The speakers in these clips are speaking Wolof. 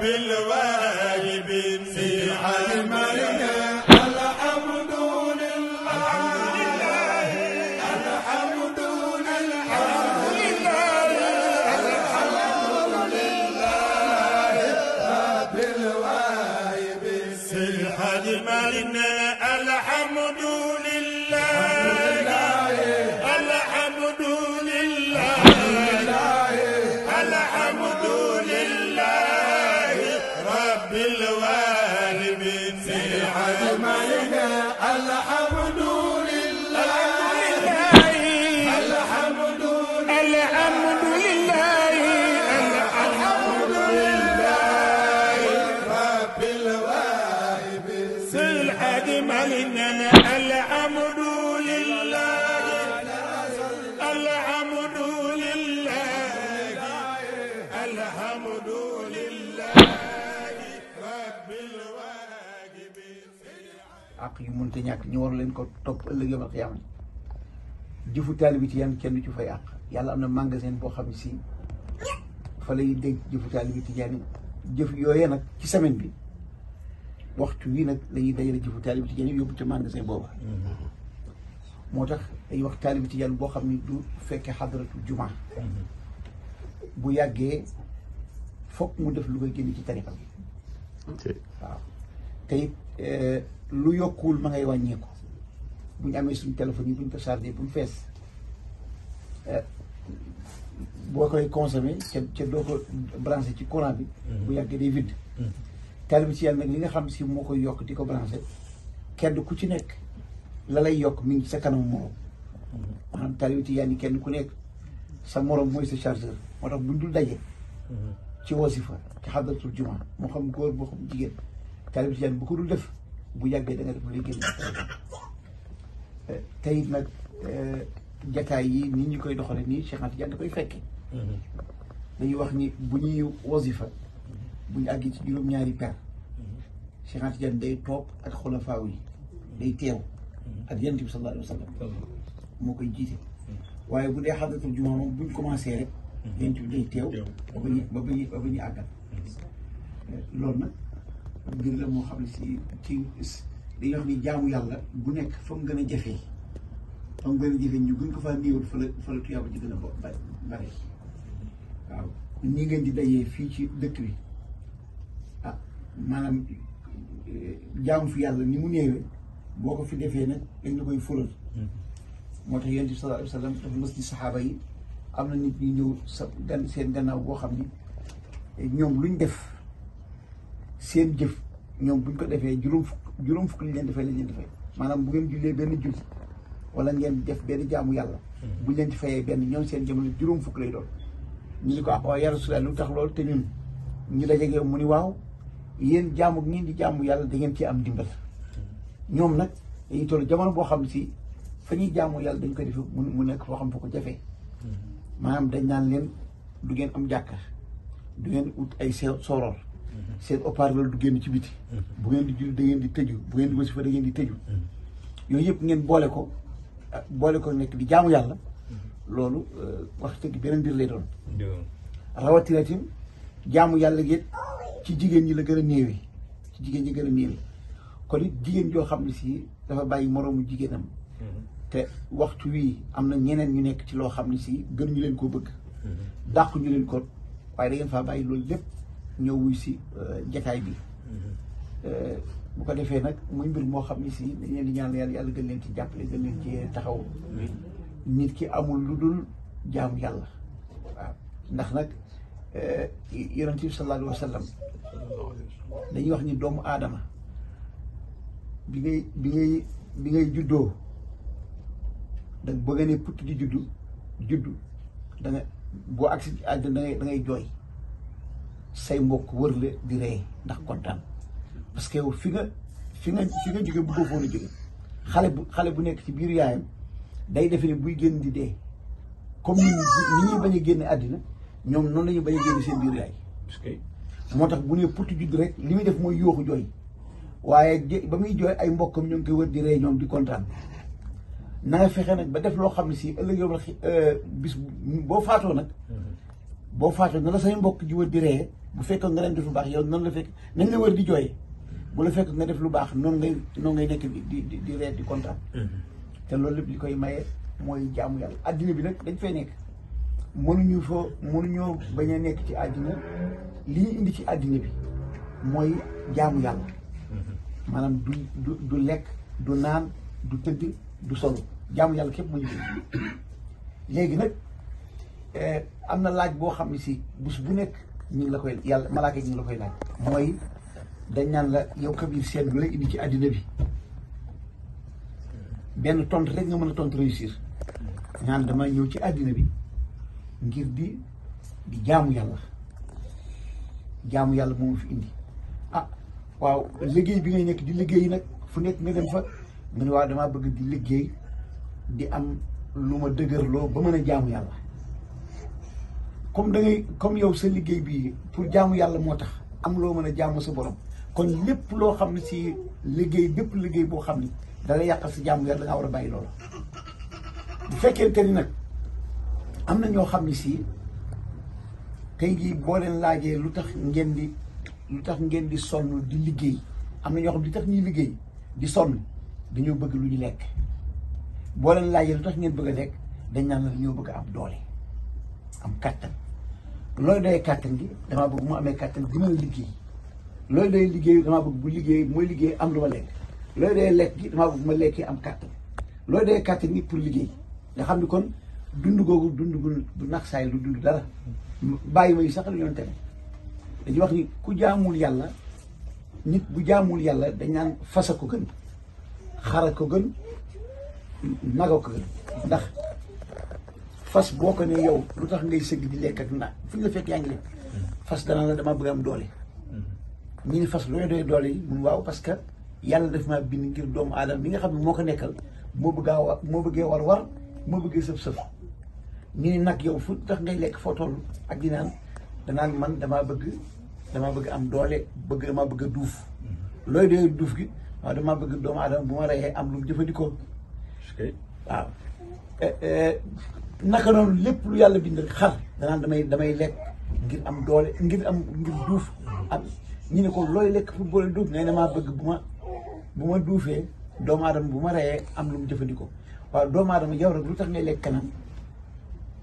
بالوالد ak yu mënta ñàkk ñu war leen ko topp ëllëg yomal xiyaama jëfu taalibi ci yan kenn du ci fay àq yàlla am na magasin boo xam ne si fa lay dégg jëfu taalibi tijaani jëf yooyee nag ci semaine bi waxtu wi nag la ñuy dajale jëfu taalibi tijaani yóbbu ca magasin booba moo tax dañuy wax taalibi tijaani boo xam ne du fekkee xadaratu juma bu yàggee fokk mu def lu génn ci tarixa bi waaw lu yokkuwul ma ngay wàññeeku bu ñu amee suñ téléphone yi bu ñu ko chargé bu mu fees eh, boo koy consommé ca ca doo ko branché ci courant bi. Mm-hmm. bu yàggee day vide. Mm-hmm. tali yàlla nag li nga xam si moo koy yokk di ko branché kenn ku ci nekk la lay yokk mu ngi sa kanam morom. Mm-hmm. maanaam tali bi ci yàlla kenn ku nekk sa morom mooy sa chargeur moo tax buñ dul daje. ci wasifa ci xadratul jumaa moo xam góor moo xam jigéen tali bi ci bu ko dul def. bu yàggee da nga def lu génn eh, tey nag eh, jataay yi ni ñu koy doxale nii Cheikh Anta da koy fekke mm-hmm. dañuy wax ni bu ñuy wasifa mm-hmm. bu ñu àgg ci juróom-ñaari per mm-hmm. Cheikh Anta day toog ak xolafaaw yi day teew ak yonent bi sallallahu alayhi wa sallam moo koy jiite waaye bu dee xadatul juma moom bu ñu commencé rek yonent bi day teew ba ba ñu ba ba ñu àggal eh, loolu nag mbir la moo xam ne si ci dañuy wax ni jaamu yàlla bu nekk fa mu gën a jafee fa mu gën a jafee ñu gën ko faa néewal fa fa la tuyaaba ji gën a bare waaw nii ngeen di dajee fii ci dëkk bi ah maanaam eh, jaamu fi yàlla ni mu néewee boo ko fi defee nag dañ la koy fulal hmm. moo tax yonent bi sallallahu alayhi wa saxaaba yi am na nit ñi ñëw sa seen gannaaw boo xam ne eh, ñoom luñ def seen jëf ñoom bu ñu ko defee juróom fukk juróom fukk li leen defee la leen defee maanaam bu ngeen jullee benn julli wala ngeen def benn jaamu yàlla mhm. bu leen fayee benn ñoom seen jamono juróom fukk lay doon ñu ni ko ah waaw ya Rasulullah lu tax loolu te ñun ñu dajeeg mu ni waaw yéen jaamu ngeen di jaamu yàlla da ngeen ci am dimbal ñoom nag dañuy toll jamono boo xam si fa ñuy jaamu dañ ko defee mu nekk foo xam foo ko jafee mhm. maanaam dañ naan leen du ngeen am jàkka du ngeen ut ay sooroor seen haut-parleur du génn ci biti bu ngeen di julli da ngeen di tëju bu ngeen di wasifa da ngeen di tëju yooyu yëpp ngeen boole ko ah, boole ko nekk di jaamu yàlla loolu euh, wax dëgg beneen mbir lay doon rawatina tim jaamu yàlla gi ci jigéen ñi la gën a néewee ci jigéen ñi gën a néewee kon it jigéen joo xam ne si dafa bàyyi moroomu jigéenam te waxtu wii am na ñeneen ñu nekk ci loo xam ne si gën ñu leen koo bëgg dàqu ñu leen ko waaye da ngeen faa bàyyi loolu lépp ñëw wuy si euh, jataay bi mm-hmm. euh, bu ko defee nag muy mbir moo xam ne si dañ leen ñaan yàlla yàlla gën leen ci jàppale gën leen ci taxaw nit ki amul lu dul jaam yàlla waaw ndax nag euh, yonent bi sallallahu alayhi wa sallam dañuy wax ni doomu aadama bi ngay bi ngay bi ngay juddoo danga bëgg ne putt di juddu juddu danga boo agsi àddina da ngay da ngay jooy say mbokk wër la di rey ndax kontaan parce que fi nga fi nga fi nga jóge a jóge xale bu xale bu nekk ci biir yaayam day defe ne buy génn di dee comme ni ñuy bañ a àddina ñoom noonu la bañ a génn seen biir yaay moo tax bu ne pour judd rek li def mooy yooxu jooy waaye ba muy jooy ay mbokkam ñoo ngi koy wër di ñoom di kontaan na nga fexe nag ba def loo xam ne si ëllëg yow euh, bis boo faatoo nag mm-hmm. boo faatoo na la say mbokk ji wër di reye bu fekkoon nga leen def lu baax yow noonu la fekk nañ war wër di jooy bu la fekk nga def lu baax noonu ngay noonu ngay nekk di di di reet di kontaan. Mhm. te loolu lépp li koy maye mooy jaamu yàlla addina bi nag dañ fay nekk mënuñu foo mënuñoo bañ a nekk ci addina li ñu ci addina bi mooy jaamu mhm. maanaam du du du lekk du naan du tëdd du solo jaamu yàlla képp mu ñu léegi nag eh, am na laaj boo xam ne si bés bu nekk. ñu la koy yàlla malaaka ñu ngi la koy laaj mooy dañ naan la yow Kabir Sène bi la indi ci àddina bi benn tontu rek nga mën a tontu réussir ñaan dama ñëw ci àddina bi ngir di di jaamu yàlla jaamu yàlla moomu fi indi ah waaw liggéey bi ngay nekk di liggéey nag fu nekk nga dem fa nga waaw damaa bëgg di liggéey di am lu ma dëgërloo ba mën a jaamu yàlla comme da comme yow sa liggéey bi pour jaamu yàlla moo tax am loo mën a jaamu sa borom kon lépp loo xam ne si liggéey bépp liggéey boo xam ni dala yàqal sa jaamu yàlla da war a bàyyi loolu bu fekkente ni nag am na ñoo xam ne si tey jii boo leen laajee lu tax ngeen di lu tax ngeen di sonn di liggéey am na ñoo xam li tax ñuy liggéey di sonn dañoo bëgg lu ñu lekk boo leen laajee lu tax ngeen bëgg a lekk dañ naan la dañoo bëgg am doole am kattan. looy doyee kàttan gi damaa bëgg mu amee kàttan bi muy liggéey looy doyee liggéey damaa bëgg bu liggéey mooy liggéey am lu ma lekk looy doyee lekk gi damaa bëgg ma lekkee am kàttan looy doyee kàttan gi pour liggéey nga xam ni kon dund googu dund bu nax saay lu dund dara bàyyi ma yi sax lu yoon tamit dañuy wax ni ku jaamul yàlla nit bu jaamul yàlla dañ naan fasa ko gën xara ko gën naga ko gën ndax fas boo ko ne yow lu tax ngay sëgg di lekk ak naan fu ñu fekk yaa ngi lekk fas danaa la dama bëgg am doole mm-hmm. ñu ne fas looy doy doole yi mun waaw parce que yàlla daf ma bind ngir doomu aadama bi nga xam moo ko nekkal moo bëggaa moo bëggee war war moo bëggee sëf-sëf nag yow fu tax ngay lekk foo toll ak man damaa bëgg bëgg am doole bëgg damaa bëgg a duuf mm-hmm. duuf gi waaw bëgg doomu aadama bu ma reyee am lu mu jëfandikoo waaw eh, eh, naka noonu lépp lu yàlla bind rek xar danaan damay damay lekk ngir am doole ngir am ngir duuf ak ñu ne ko looy lekk pour boole duuf nee na bëgg bu ma bu ma duufee doomu aadama bu ma am lu mu jëfandikoo waaw doomu aadama yow rek lu tax ngay lekk kanam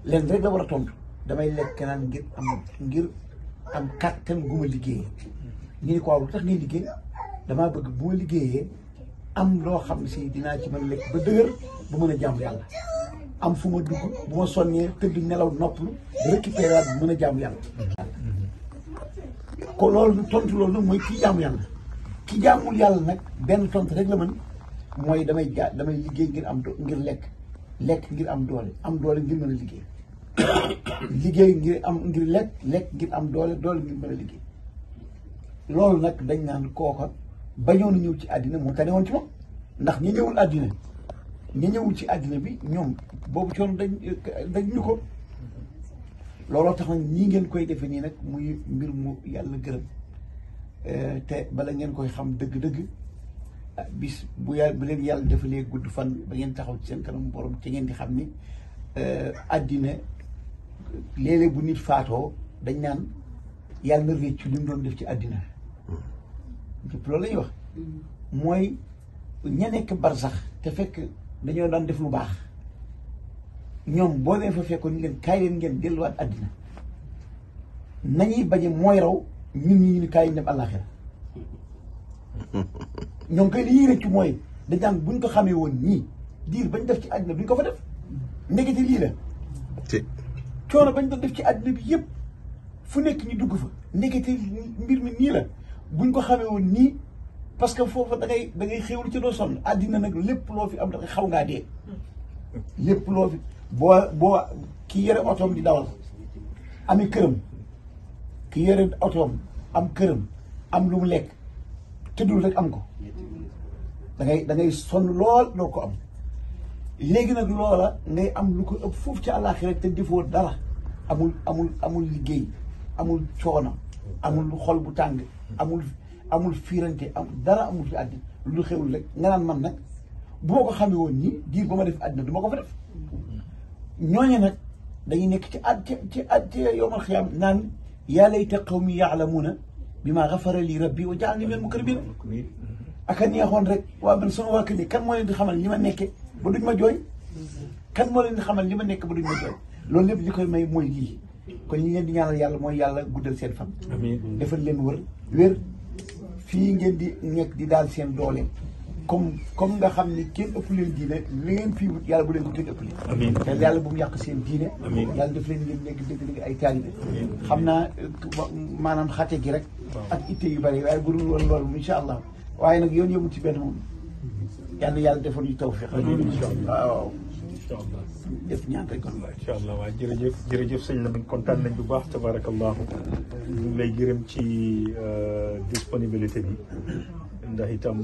leen rek la war a tontu damay lekk kanam ngir am ngir am kàttan gu ma liggéeyee ñu ko waaw lu tax ngay liggéey damaa bëgg bu ma liggéeyee am loo xam si dinaa ci mën lekk ba dëgër bu mën a jàmm yàlla am fu ma dugg bu ma sonnee tëdd nelaw noppalu récupéré bu mën a jaamu yàlla ko loolu tontu loolu nag mooy kii jaamu yàlla ki jaamul yàlla nag benn tontu rek la mën mooy damay ja damay liggéey ngir am ngir lekk lekk ngir am doole am doole ngir mën a liggéey liggéey ngir am ngir lekk lekk ngir am doole doole ngir mën a liggéey loolu nag dañ naan kooka bañoon ñëw ci àddina moo tane ci moom ndax ñi ñëwul àddina ñi ñëwul ci àddina bi ñoom boobu coono dañ dañ ñu ko looloo tax nag ñii ngeen koy defee nii nag muy mbir mu yàlla gërëm eh, te bala ngeen koy xam dëgg-dëgg ah, bis bu yàlla bu leen yàlla defalee gudd fan ba ngeen taxaw ci seen kanamu borom te ngeen di xam ni eh, àddina léeg bu nit faatoo dañ naan yàlla na réccu li doon def ci àddina hmm. loolu la ñuy wax hmm. mooy ña nekk barsax te fekk dañoo daan def lu baax ñoom boo leen fa fekkoon ñu leen kay leen ngeen delluwaat àddina nañuy bañe mooy raw ñun ñi ñu kaay ñu dem àllaaxira ñoom kay li ñuy rëccu mooy dañ daan buñ ko xamee woon ñii diir bañ def ci àddina duñ ko fa def ndekete lii la coono bañ doon def ci àddina bi yëpp fu nekk ñu dugg fa ndekete mbir mi nii la buñ ko xamee woon nii parce que foofu da dangay da ngay xéwlu ci doo sonn àddina nag lépp loo fi am da xaw ngaa dee. lépp loo fi boo boo ki yore otoom di dawal ami këram ki yore otoom am këram am lu mu lekk tëddul rek am ko da ngay da sonn lool loo ko am léegi nag loola ngay am lu ko ëpp foofu ci àllaaxira rek te defoo dara amul amul amul liggéey amul coono amul xol bu tàng amul. amul fiirante am dara amul ci lu xewul rek nga naan man nag bu ko xamee woon nii diir ba ma def àddina du ma ko fa def ñooñu nag dañuy nekk ci at ci at ci yowmal xiyaam naan yaa layta qawmi yaalamuuna bi maa xafara li rabbi wa jaalani minal mukramiin ak a neexoon rek waa man sama waa kër yi kan moo leen di xamal li ma nekkee ba duñ ma jooy kan moo leen di xamal li ma nekk ba duñ ma jooy loolu lépp li koy may mooy lii kon li leen di ñaanal yàlla mooy yàlla guddal seen fan defal leen fii ngeen di nekk di daal seen doole comme comme nga xam ni kenn ëpp leen diine li ngeen fii wut yàlla bu leen ko kenn ëpp leen amiin te yàlla bu mu yàq seen diine yàlla daf leen ngeen nekk dëgg dëgg ay taalibe xam naa maanaam xate gi rek ak itte yu bëri waaye bu dul woon loolu incha allah waaye nag yoon yëmu ci benn moom yàlla yàlla defoon ñu tawfiq waaw incha allah def ñaata jërëjëf jërëjëf sëñ la nañ kontaan nañ bu baax tabarakallahu ñu ngi lay gërëm ci euh, disponibilité bi ndax itam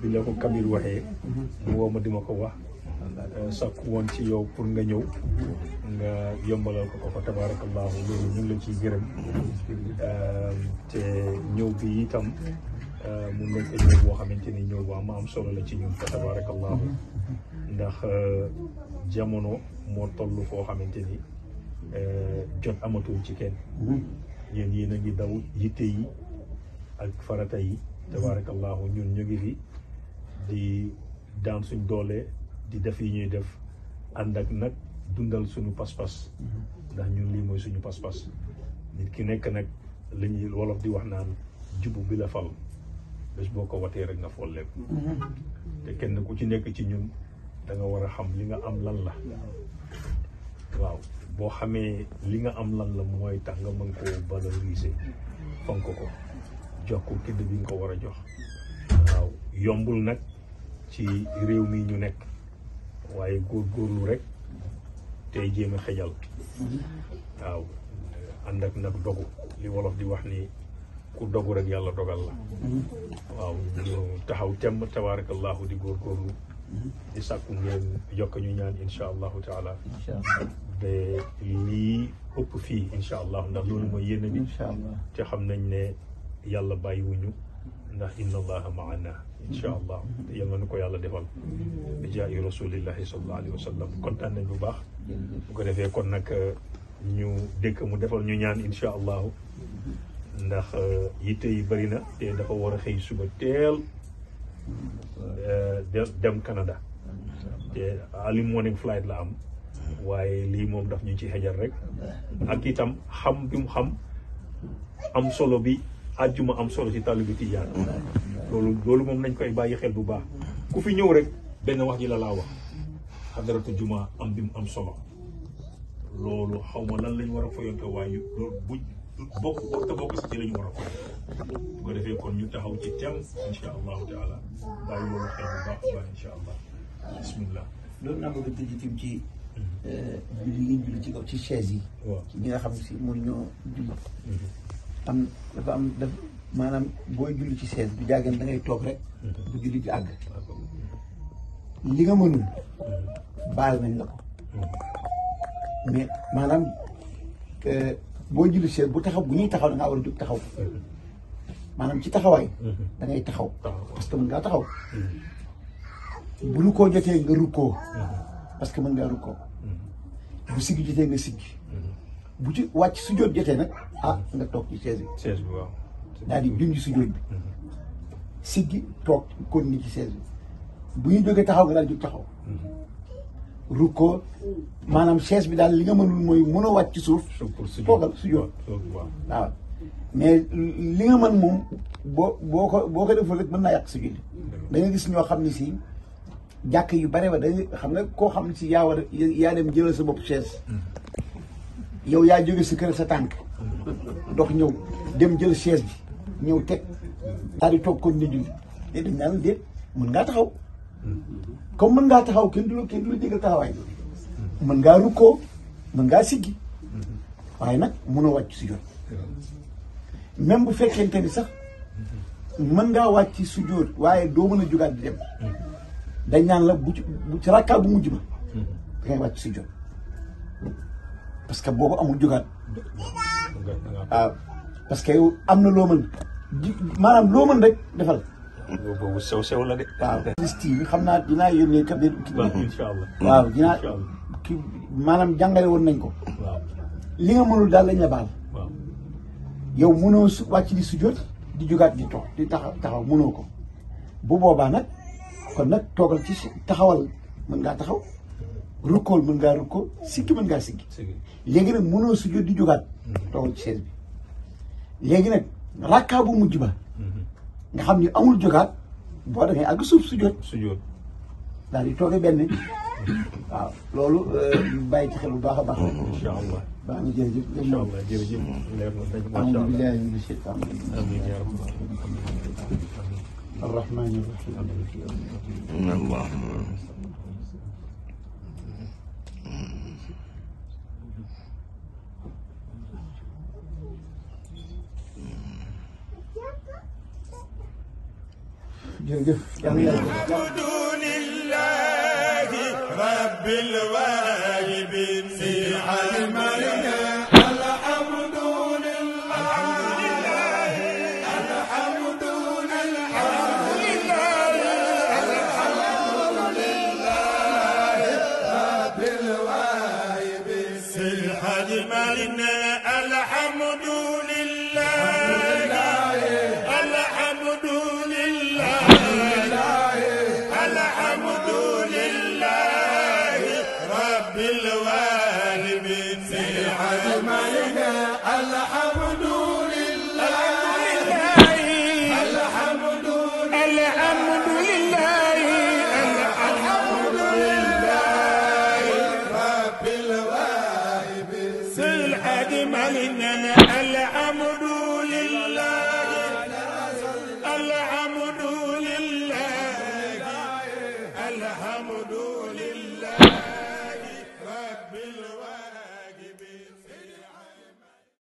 bi la ko Kabir waxee mu woo ma di ko wax euh, sàkk woon ci yow pour nga ñëw nga yombalal ko ko fa tabarakallahu loolu ñu ngi la ciy gërëm euh, te ñëw bi itam mun nañ ko ñëw boo xamante ni ñëw bu am am solo la ci ñun fa tabarakallahu ndax euh, jamono moo toll foo xamante ni euh, jot amatuñ ci kenn mm-hmm. yéen yéen a ngi daw yitte yi ak farata yi mm-hmm. tabaarakallaahu ñun ñu ngi fi di daan suñ doolee di def yi ñuy def ànd ak nag dundal suñu pas-pas mm-hmm. ndax ñun lii mooy suñu pas-pas nit ki nekk nag li ñuy wolof di wax naan jubu bi la fal bés boo ko watee rek nga folleeku te kenn ku ci nekk ci ñun da war a xam li nga am lan la waaw boo xamee li nga am lan la mooy tax nga mën koo valoriser fonk ko jox ko kidd bi nga ko war a jox waaw yombul nag ci réew mi ñu nekk waaye góor góorlu rek tey jéem a xejal waaw ànd ak nag dogu li wolof di wax ni ku dogu rek yàlla dogal la mm-hmm. waaw ñu taxaw temm tabarakallahu di góor góorgóorlu di sàkku ngeen yokk ñu ñaan incha allahu taala ba lii ëpp fii incha allah ndax loolu mooy yénn bi te xam nañ ne yàlla bàyyiwuñu ndax inna allaha maana incha allah yal nu ko yàlla defal bi jaayi rasulillahi sallallahu alayhi wa sallam kontaan nañ bu baax bu ko defee kon nag euh, ñu dëkk mu defal ñu ñaan incha allahu ndax euh, yitte yi bëri na te dafa war a xëy suba teel Euh, dem Canada te early flight la am waaye lii moom daf ñu ci xejal rek ak itam xam bi mu xam am solo bi àjjuma am solo ci tàllu bi tijaan loolu loolu moom nañ koy bàyyi xel bu baax ku fi ñëw rek benn wax ji la laa wax xadaratu juma am bi mu am solo loolu xaw ma lan lañ war a waaye buñ bokk bokk te bokk si ci lañu war a ko bu ko defee kon ñu taxaw ci tem incha allahu taala bàyyi loolu xel bu baax a baax incha allah bismillah loolu naa bëgg a tëj itam ci mhm. euh, julli yi julli ci kaw ci chaise yi ci ñi nga xam si mun ñoo julli mhm. am dafa am daf maanaam booy julli ci chaise bu jàggeen da ngay toog rek bu mhm. julli di àgg li nga mënul baal nañ la ko mais maanaam boo julli seen bu taxaw bu ñuy taxaw da ngaa war a jóg taxaw maanaam ci taxawaay mhm. da ngay taxaw parce que mën ngaa taxaw mhm. bu rukkoo jotee nga rukkoo mhm. parce que mën ngaa rukkoo bu siggi jotee nga siggi bu ci wàcc sujjóot jotee nag ah nga toog ci chaise bi chaise bi waaw daal di junj sujjóot bi siggi toog kon ni ci chaise bi bu ñu jógee taxaw nga daal jóg taxaw rukkoo maanaam chaise bi daal li nga mënul mooy mënoo wàcc ci suuf. si sujjóot waaw mais li nga mën moom boo boo ko boo ko deful rek mën naa yàq si julli da gis ñoo xam ne si jàkk yu bare ba dañuy xam nga koo xam ne si yaa war yaa dem jëlal sa bopp chaise mm. yow yaa jóge si kër sa tànk dox ñëw dem jël chaise bi ñëw teg daal di toog kon ni julli déedéet dañu naan déet mën ngaa taxaw. comme mën ngaa taxaw kenn du la kenn du la taxawaay mën ngaa rukkoo mën ngaa siggi waaye nag mënoo wàcc si jot bu fekkente ni sax mën ngaa wàcc su jóot waaye doo mën a jugaat di dem dañ naan la bu ci bu ci rakkaa bu mujj ba da wàcc su jóot parce que boo amul jugaat waaw ah, parce que am na loo mën maanaam loo mën rek defal loolu boobu sew sew la de. waaw liste yi xam naa dinaa yónnee Kabir. waaw incha allah waaw dinaa ki maanaam jàngale woon nañ ko. waaw li nga mënul daal lañ la baal. yow mënoo su wàcc di sujjóot di jugaat di toog di taxaw taxaw mënoo ko bu boobaa nag kon nag toogal ci taxawal mën ngaa taxaw rukkool mën ngaa rukkoo sikki mën ngaa sikki. léegi nag mënoo sujjóot di jugaat. toogal ci chaise bi léegi nag rakkaa mujj ba. nga xam ni amul jógaat boo defee ak suuf su jot. su jot daal di toogee benn waaw loolu euh, bàyyi ci xel bu baax a baax. incha allah baax na jërëjëf. incha allah jërëjëf. alhamdulilah alhamdulilah alhamdulilah. الرحمن الرحيم jërëjëf alhamdulillahi rabbil waalamiin ملك الحمد